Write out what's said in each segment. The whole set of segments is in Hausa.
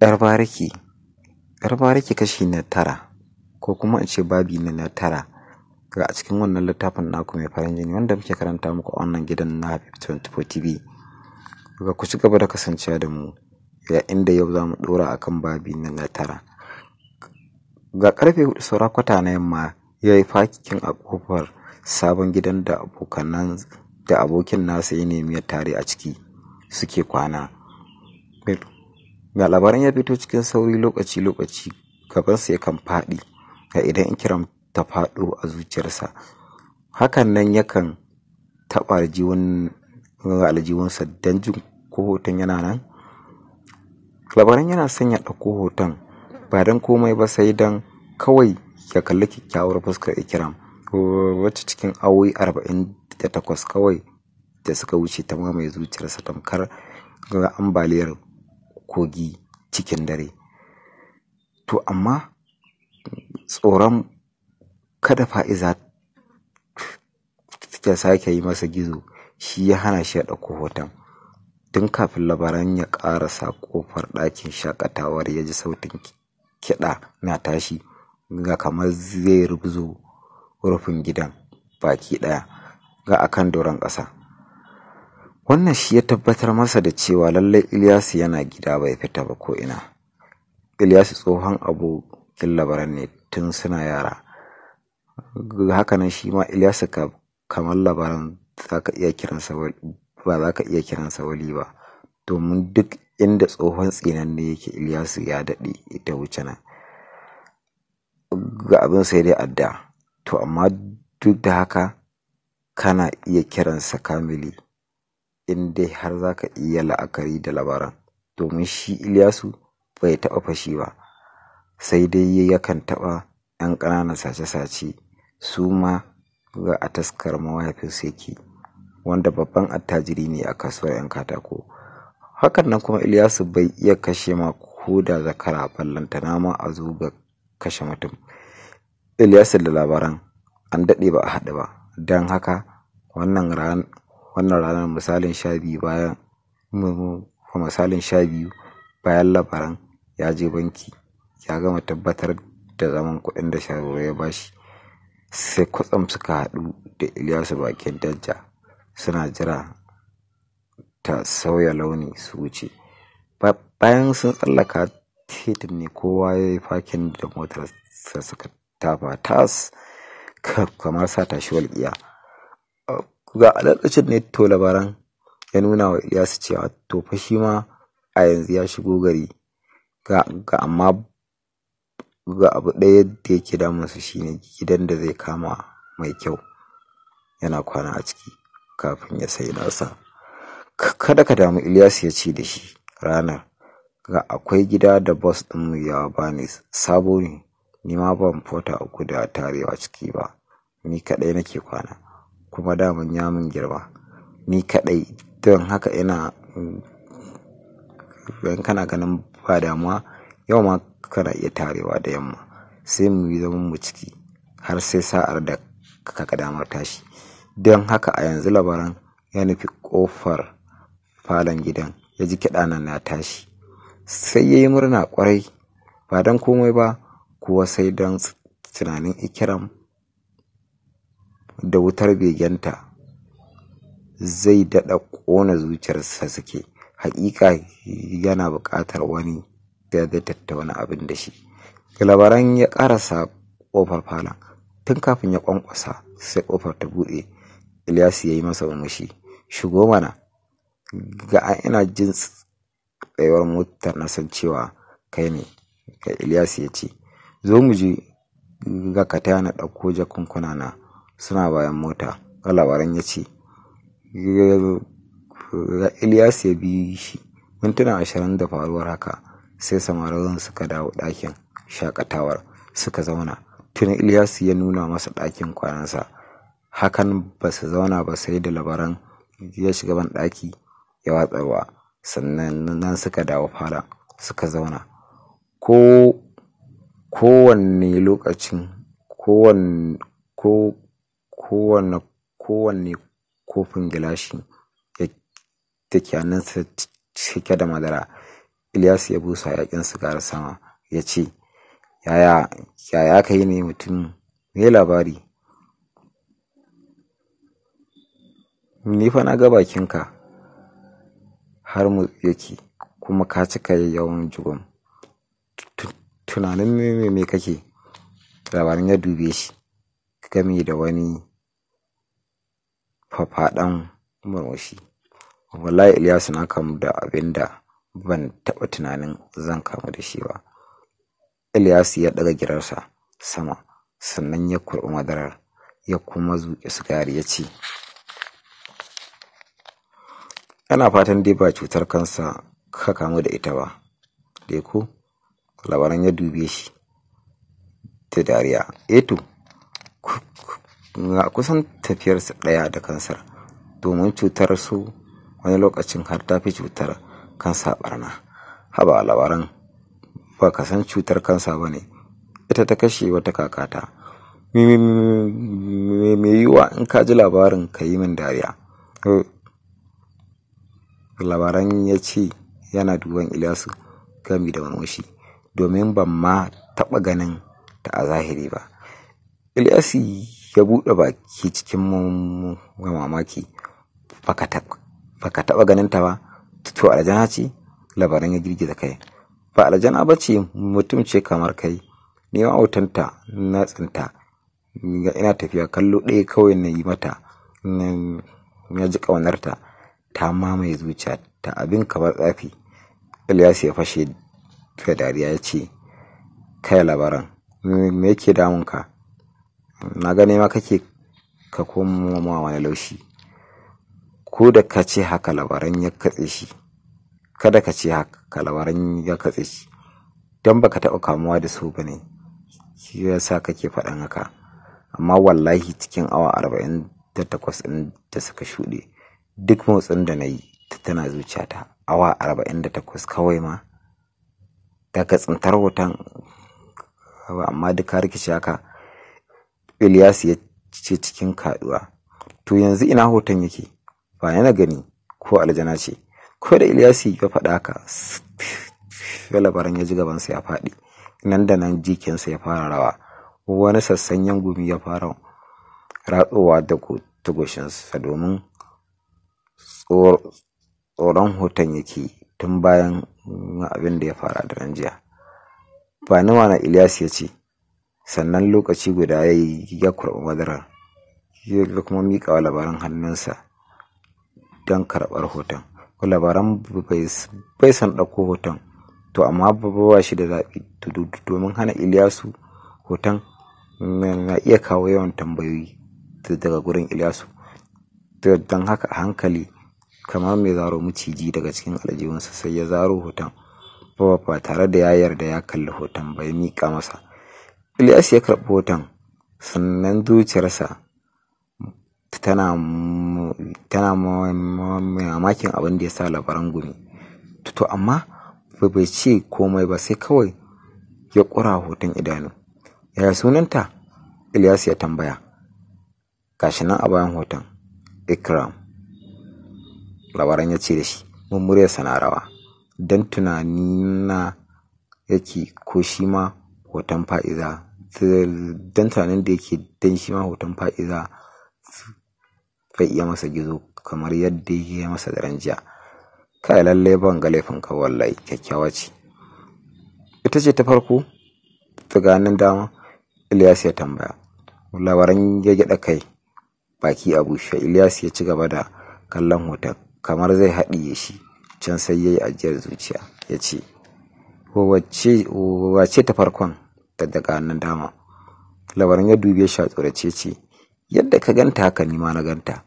Yar bariki, kashi na tara ko kuma in ce babi ne na tara ga a cikin wannan littafin naku mai farin jini wanda muke karanta muku a wannan gidan na 24 TV. Ga ku ci gaba da kasancewa da mu ga inda yau za mu ɗora akan babi ne na tara. Ga karfe hudu saura kwata na yamma ya yi fakikin a kofar sabon gidan da da abokin nasa ya nemi ya tare a ciki suke kwana. ga labaran ya fito cikin sauri lokaci-lokaci gabansa kan faɗi ga idan ikiram ta faɗo a zuciyarsa hakan nan yakan taɓa aljiwansa don jin ko yana nan labaran yana son ya ɗauko hoton ba don komai ba sai don kawai ya kalli kyakkyawar fuskar ikiram wacce cikin awoyi arba'in da takwas kawai da suka wuce ta mamaye zuciyarsa tamkar ga ambaliyar kogi cikin dare to amma tsoron kada fa'iza ta sake yi masa gizo shi ya hana shi ya ɗauko hoton tun kafin labaran ya ƙarasa ƙofar ɗakin shakatawar ya ji sautin kiɗa na tashi ga kamar zai rubzo rufin gidan baki ɗaya ga akan doron ƙasa wannan shi ya tabbatar masa da cewa lallai Ilyasu yana gida bai fita ba ko ina Ilyasu tsohon abokin labaran ne tun suna yara hakanan shi ma Ilyasu ka kamar labaran iya kiransa ba za ka iya kiransa wali ba domin duk inda tsohon ne yake Ilyasu ya daɗe ita wuce nan ga abin sai dai adda to amma duk da haka kana iya kiransa kamili in dai har za ka iya la'akari da labaran domin shi Ilyasu bai taɓa fashi ba sai dai yakan taɓa ‘yan ƙananan sace-sace su ma ga a taskar mawafin seki wanda babban attajiri ne a kasuwar 'yan katako hakan nan kuma Ilyasu bai iya kashe ma ko da zakara ballanta nama a zo ga kashe mutum Ilyasu da labaran an daɗe ba a haɗu ba don haka wannan ran wannan ranar misalin sha biyu bayan misalin sha biyu bayan labaran ya je banki ya gama tabbatar da zaman kuɗin da sharo ya bashi sai kwatsam suka haɗu da su bakin dajja suna jira ta sauya launi su wuce bayan sun tsallaka titin ne kowa ya yi fakin da motar suka tafa tas kamar sata shi walƙiya ga alaƙacin ne to labaran ya nuna wa Ilyasu cewa to fa shi ma a yanzu ya shigo gari ga amma ga abu ɗaya da yake shi shine gidan da zai kama mai kyau yana kwana a ciki kafin ya sai nasa kada ka damu Ilyasu ya ce da shi ranar ga akwai gida da bos mu ya bani sabo ne ni ma ban fota uku da tarewa ciki ba ni kaɗai nake kwana kuma daman ya min girma ni kadai don haka ina kana ganin ba damuwa yau ma kana iya tarewa da yamma sai mu yi zaman mu ciki har sai sa'ar da kaka damar tashi don haka a yanzu labaran ya nufi ƙofar falon gidan ya ji kiɗa nan na tashi sai ya yi murna kwarai ba don komai ba kuwa sai don tunanin ikiram da wutar begenta zai daɗa ƙona zuciyarsa suke haƙiƙa yana buƙatar wani da zai tattauna abin da shi labaran ya ƙarasa ƙofar falon tun kafin ya ƙwanƙwasa sai ƙofar ta buɗe ilyas ya yi masa murmushi shigo mana ga ina jin tsayuwar motar na san cewa kai ne ka ilyas ya ce zo mu je ga ka tana ɗauko jakunkuna na suna bayan mota labaran ya ce Ilyas ya bi shi mintuna ashirin da faruwar haka sai samarin suka dawo ɗakin shakatawar suka zauna tun Ilyas ya nuna masa ɗakin kwanansa hakan ba su zauna ba sai da labaran ya shiga ban ɗaki ya watsarwa sannan nan suka dawo fara suka zauna ko kowanne lokacin kowanne kowanne kowane kofin gilashi da ke sa cike da madara Ilyas ya busa yakin sigar sama ya ce yaya yaya kai ne mutum me labari ni fa na ga bakinka har mu yake kuma ka cika yawan jugum tunanin me me kake labarin ya dube shi game da wani fafaɗan murmushi wallahi Ilyasu na kamu da abin da ban taɓa tunanin zan kamu da shi ba Ilyasu ya ɗaga girarsa sama sannan ya kurɓi madarar ya kuma su sigari ya ce Yana fatan dai ba cutar kansa ka kamu da ita ba dai ko labaran ya dube shi ta dariya eto eh na kusan tafiyarsa ɗaya da kansar domin cutar su wani lokacin har ta fi cutar kansa barna haba labaran ba ka san cutar kansa ba ne ita ta kashe wata kakata me yiwuwa in ka ji labarin ka yi min dariya labaran ya ce yana duban ilyasu gami da wani domin ban ma taɓa ganin ta a zahiri ba ilyasu ya buɗe baki cikin mamaki baka taɓa ganin ta ba to aljana ce labaran ya girgiza kai ba aljana ba ce mutum ce kamar kai ne autanta na tsinta ina tafiya kallo ɗaya kawai na yi mata na ji ƙaunarta ta mamaye zuciya ta abin kamar tsafi Ilyas ya fashe da dariya ya ce kai labaran me yake damunka na gane ma kake ka koma ma wani laushi ko da ka ce haka labaran ya katse shi kada ka ce haka labaran ya katse shi don baka taɓa kamuwa da su bane shi ya sa kake faɗan haka amma wallahi cikin awa arba'in da takwas ɗin da suka shuɗe duk motsin da na yi tana zuciyata awa arba'in da takwas kawai ma daga tsintar wutan amma duk ka rikice haka Ilyasu ya ce cikin kaɗuwa. To yanzu ina hoton yake, ba yana gani ko aljana ce. Ko da ilyas ya faɗa haka, sai labaran ya ji gabansa ya faɗi, nan da nan jikinsa ya fara rawa, wani sassanyen gumi ya fara ratsowa da tagoshinsa domin tsoron hoton yake tun bayan abin da ya fara da nan jiya. Ba ni wana Ilyas ya ce, sannan lokaci guda ya yi ya kurɓi madarar ya kuma miƙa wa labaran hannunsa don karɓar hoton ko labaran bai san ɗauko hoton to amma babba ba shi da zaɓi domin hana iliyasu hoton na iya kawo yawan tambayoyi daga gurin iliyasu don haka hankali kamar mai zaro maciji daga cikin aljihunsa sai ya zaro hoton ba tare da ya yarda ya kalli hoton bai miƙa masa Ilyas ya karɓi hoton sannan zuciyarsa tana mamakin abin da ya sa labaran gumi to amma bai ce komai ba sai kawai ya ƙura hoton idanu yaya sunanta Ilyas ya tambaya gashi nan a bayan hoton Ikram labaran ya ce da shi mun sanarawa rawa don tunanina yake ko shi ma hoton fa'iza dan da yake dan shi ma hoton fa'iza zai iya masa gizo kamar yadda ya masa daren jiya kai lalle ban ga laifin ka wallahi kyakkyawa ce ita ce ta farko tsaganin dama Ilyas ya tambaya labaran ya gyada kai baki a bushe Ilyas ya ci gaba da kallon hoton kamar zai haɗiye shi can sai ya yi ajiyar zuciya ya ce wace ta farkon daga hannun dama labaran ya dubi shi a tsorace ce yadda ka ganta haka ni ma na ganta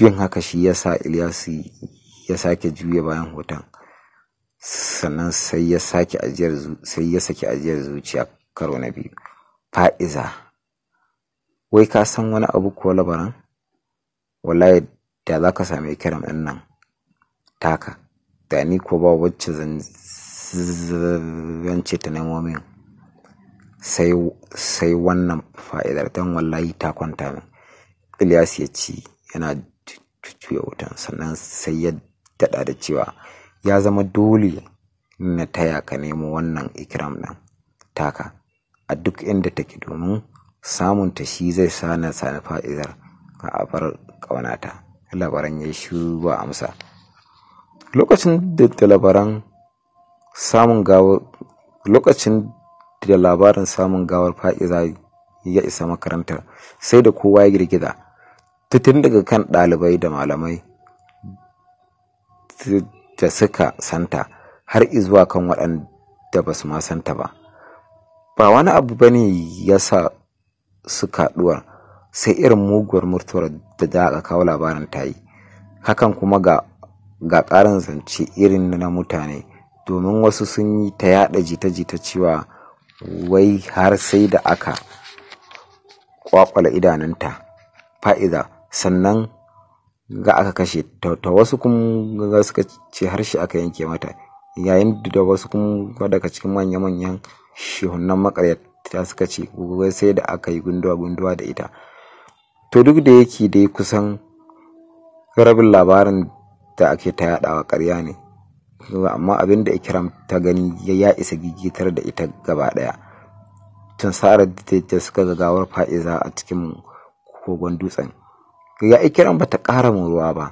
yin haka shi ya sa Ilyasu ya sake juya bayan hoton sannan sai ya sake ajiyar sai ya saki ajiyar zuciya karo na biyu fa'iza wai ka san wani abu ko labaran wallahi da za ka same kiran nan taka da ni ko ba wacce zan zance ta nemo min sai wannan fa'idar don wallahi ta kwanta min ilyas ya ci yana cuya wutan sannan sai ya daɗa da cewa ya zama dole na taya ka nemo wannan ikiram ɗin taka a duk inda take domin samunta shi zai sa na sani fa'idar ka abar ƙaunata labaran ya shi ba amsa lokacin da labaran samun gawar lokacin da labarin samun gawar fa'iza ya isa makarantar sai da kowa ya girgida Tutun daga kan ɗalibai da malamai da suka santa har izuwa kan waɗanda ba su ma santa ba ba wani abu bane ne ya sa su kaɗuwar sai irin muguwar murtuwar da za a kawo labarin ta yi hakan kuma ga ƙarin zance irin na mutane domin wasu sun yi ta yada jita-jita cewa wai har sai da aka kwakwala idanunta fa'iza sannan ga aka kashe ta wasu kuma ga suka ce harshe aka yanke mata yayin da wasu kuma daga cikin manya-manyan shehunan makaryata suka ce wai sai da aka yi gunduwa-gunduwa da ita to duk da yake dai kusan rabin labarin da ake ta yadawa karya ne amma abin da ikram ta gani ya isa gigitar da ita gaba daya tun sa'ar da suka ga gawar fa'iza a cikin kogon dutsen ya ikram bata kara ruwa ba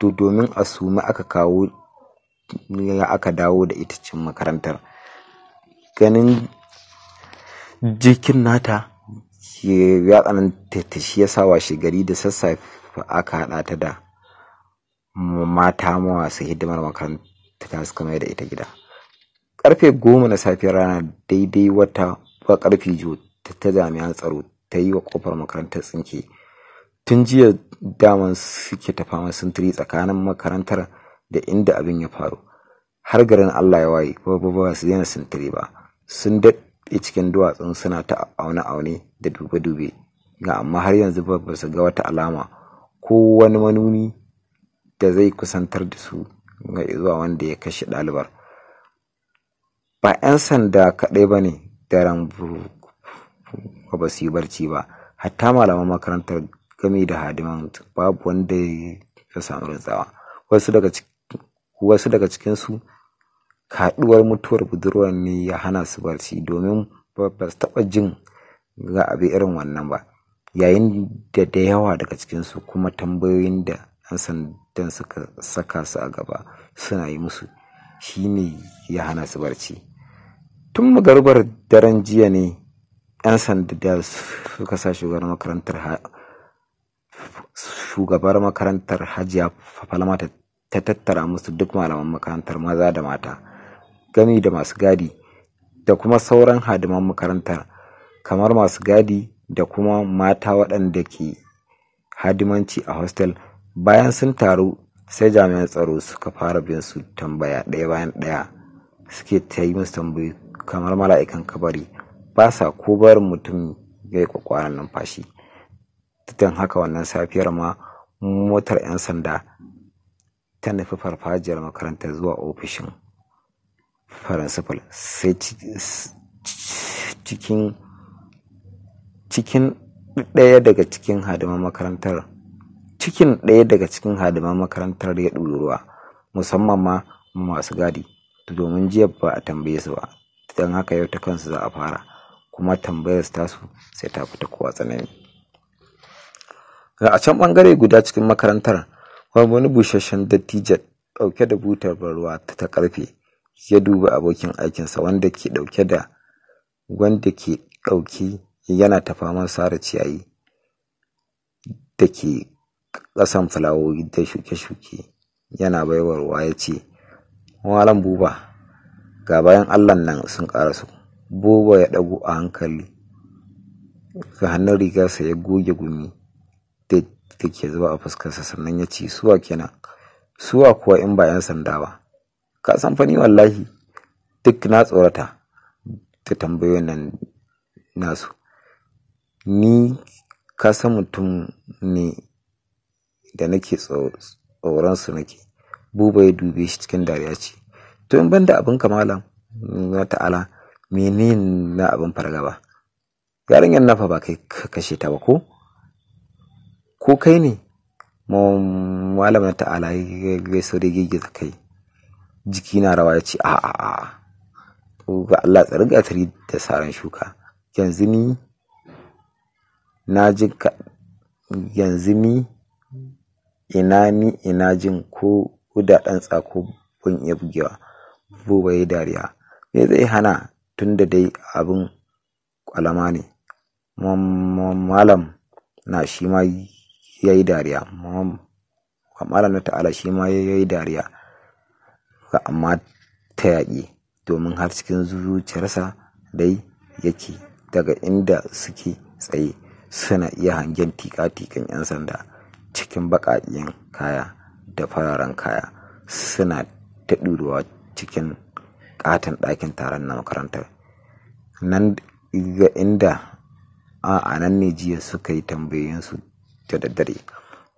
to domin a sumi aka kawo ya aka dawo da ita cin makarantar ganin jikin nata ya tsananta ta shi ya sawa shigari gari da sassafe aka haɗa ta da mata su hidimar makarantar ta suka da ita gida karfe goma na safiyar rana daidai wata ba karfe jo ta jami'an tsaro ta yi wa kofar makarantar tsinke tun jiya daman suke ta fama sintiri tsakanin makarantar da inda abin ya faru har garin allah ya waye ba ba su daina sintiri ba sun daɗe cikin duwatsun suna ta aune-aune da dube-dube ga amma har yanzu ba su ga wata alama ko wani manuni da zai kusantar da su zuwa wanda ya kashe ɗalibar ba 'yan sanda kaɗai ba ne daren ba su yi barci ba hatta malaman makarantar gami da hadiman babu wanda ya samu rantsawa wasu daga cikinsu kaɗuwar mutuwar budurwar ne ya hana su barci domin ba su taɓa jin ga abu irin wannan ba yayin da da yawa daga cikinsu kuma tambayoyin da 'yan sanda dan suka saka su a gaba suna yi musu shi ne ya hana su barci tun magarbar daren jiya ne 'yan sanda suka sa shugabar makarantar shugabar makarantar hajiya falama ta tattara musu duk malaman makarantar maza da mata gami da masu gadi da kuma sauran hadiman makarantar kamar masu gadi da kuma mata waɗanda ke hadimanci a hostel bayan sun taru sai jami'an tsaro suka fara bin su tambaya ɗaya bayan ɗaya suke ta yi musu tambayi kamar mala'ikan kabari ba sa ko barin mutum ya yi kwakwaran numfashi tutan haka wannan safiyar ma motar 'yan sanda ta nufi farfajiyar makarantar zuwa ofishin faransifal sai cikin ɗaya daga cikin hadiman makarantar cikin ɗaya daga cikin hadiman makarantar ya ɗuri musamman ma masu gadi domin jiya ba a tambaye su ba don haka yau ta kansu za a fara kuma tambayar tasu sai ta fita kowa tsanani a can bangare guda cikin makarantar wani busasshen dattijan ɗauke da butar ruwa ta karfe ya duba abokin aikinsa wanda ke ɗauke da wanda ke ɗauki yana ta faman sare ciyayi da ke ƙasan fulawowi ta shuke-shuke yana baiwarwa, ya ce malam buba ga bayan allan nan sun karasu buba ya dagu a hankali ga hannun rigarsa ya goge gumi da ke zuba a fuskarsa sannan ya ce suwa kenan suwa kuwa in ba 'yan sanda ba ka san fani wallahi duk na tsorata ta tambayoyin nan nasu ni ka san mutum ne da nake tsoron su nake buba ya dube shi cikin dariya ce to in banda abin kamala na ta'ala menin na abin fargaba yarinyar nafa ba kai ka kashe ta ba ko ko kai ne na ta'ala ya sau da girgiza kai jiki na rawa ya ce a a a ga Allah tsari tari da saran shuka yanzu ni na ji yanzu ni ina ni ina jin ko kudaden ɗan tsako ban iya bugewa buba ya dariya me zai hana tunda dai abin kwalama ne malam na shi ma ya yi dariya malam na ta'ala shi ma ya yi dariya ga amma ta yaƙi domin har cikin zuciyarsa dai yake daga inda suke tsaye suna iya hangen tika-tikan 'yan sanda cikin baƙaƙen kaya da fararen kaya suna ta ɗuruwa cikin ƙaton ɗakin taron na makarantar nan ga inda a nan ne jiya suka yi tambayoyinsu da daddare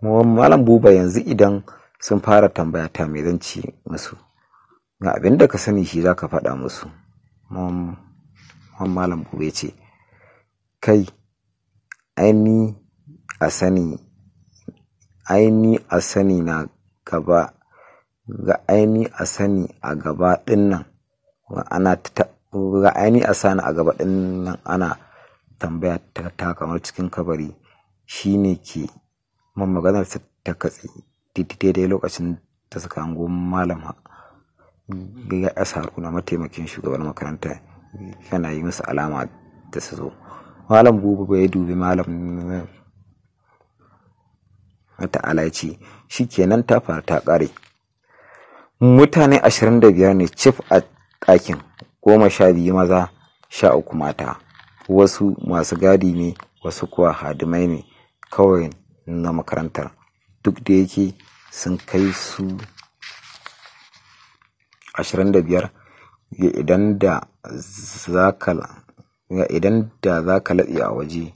malam buba yanzu idan sun fara tambaya ta mai zan musu ga abin da ka sani shi za ka faɗa musu malam buba ya ce kai aini a sani aini a sani na gaba ga aini a sani a gaba dinnan ana ga aini a sani a gaba dinnan ana tambaya ta ta kamar cikin kabari shine ke man maganar ta katse daidai lokacin da saka hango malama ya ƙasa harkuna mataimakin shugaban makaranta yana yi masa alama da su zo malam buba ya dubi malam ta'ala ya ce shi kenan ta faru ta ƙare mutane 25 ne cif a ɗakin goma sha biyu maza sha uku mata wasu masu gadi ne wasu kuwa hadimai ne kawai na makarantar duk da yake sun kai su 25 idan da za ka idan da za ka latse a waje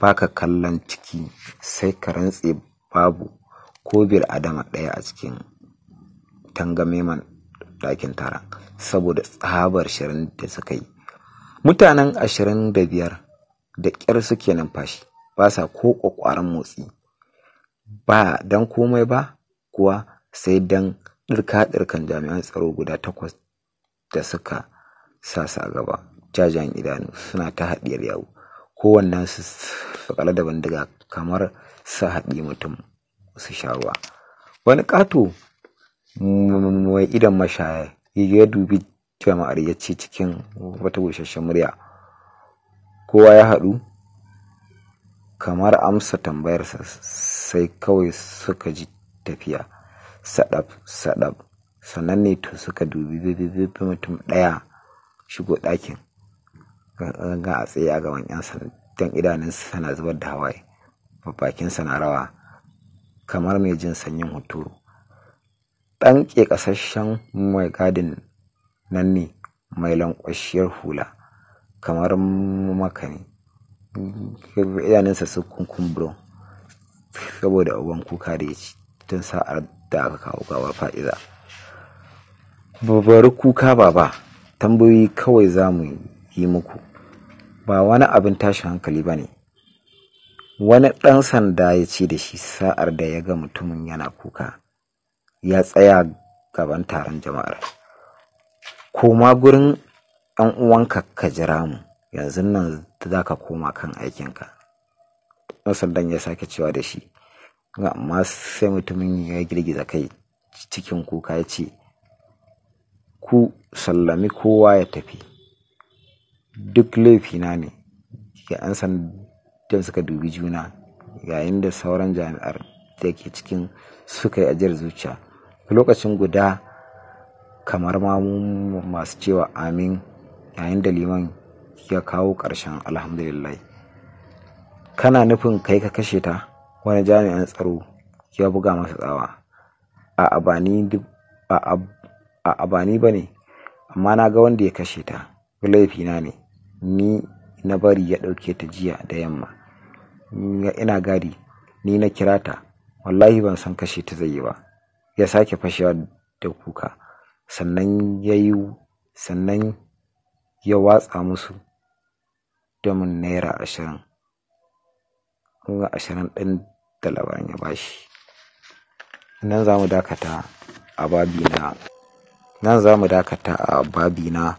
ba ka kallon ciki sai ka rantse babu ko bir adama ɗaya a cikin tangameman ɗakin taron saboda tsabar shirin da suka yi mutanen ashirin da biyar da ƙyar suke numfashi ba sa ko ƙwaƙwaran motsi ba don komai ba kuwa sai don ɗirka-ɗirkan jami'an tsaro guda takwas da suka sa sa gaba jajayen idanu suna ta haɗiyar yawo kowannensu su kala da bindiga kamar su haɗi mutum su sha ruwa wani ƙato mai idan mashaya ya dubi jama'ar ya ce cikin wata busasshen murya kowa ya haɗu kamar amsa tambayarsa sai kawai suka ji tafiya sadab sadab sannan ne to suka dubi bibi mutum ɗaya shigo ɗakin ga a tsaye a gaban 'yan sanadin idanunsa sana zubar da hawaye bakinsa na rawa kamar mai jin sanyin huturu ɗan ƙasashen mai gadin nan ne mai lankwashiyar hula kamar makani idaninsa su bro saboda uban kuka da ya ci tun sa'ar da aka kawo gawar fa'iza babbar kuka baba tambayoyi kawai za mu yi muku ba wani abin tashin hankali ba ne wani ɗan sanda ya ce da shi sa'ar da ya ga mutumin yana kuka ya tsaya gaban taron jama'ar koma gurin ɗan uwanka ka jira mu yanzu nan za ka koma kan aikinka ɗan sandan ya sake cewa da shi amma sai mutumin ya girgiza kai cikin kuka ya ce ku sallami kowa ya tafi duk laifina ne ga an san don suka dubi juna yayin da sauran jami'ar da ke cikin suka yi ajiyar zuciya lokacin guda kamar ma masu cewa amin yayin da liman ya kawo ƙarshen alhamdulillah kana nufin kai ka kashe ta wani jami'an tsaro ya buga masa tsawa a abani ba ne amma na ga wanda ya kashe ta laifina ne ni na bari ya ɗauke ta jiya da yamma ina gadi ni na kirata wallahi ban san kashe ta zai yi ba ya sake fashewa da kuka sannan ya yi sannan ya watsa musu domin naira ashirin kuma ashirin ɗin da labarin ya bashi nan za mu dakata a babi na nan za mu dakata a babi na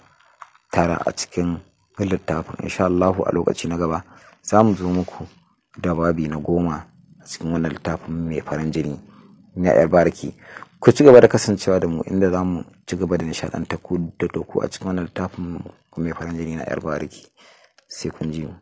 tara a cikin littafin insha Allahu a lokaci na gaba za mu zo muku da babi na goma a cikin wannan littafin mai farin jini na yar bariki ku ci gaba da kasancewa da mu inda za mu ci gaba da nishaɗanta ku da doku a cikin wannan littafin mai farin jini na yar bariki sai kun ji mu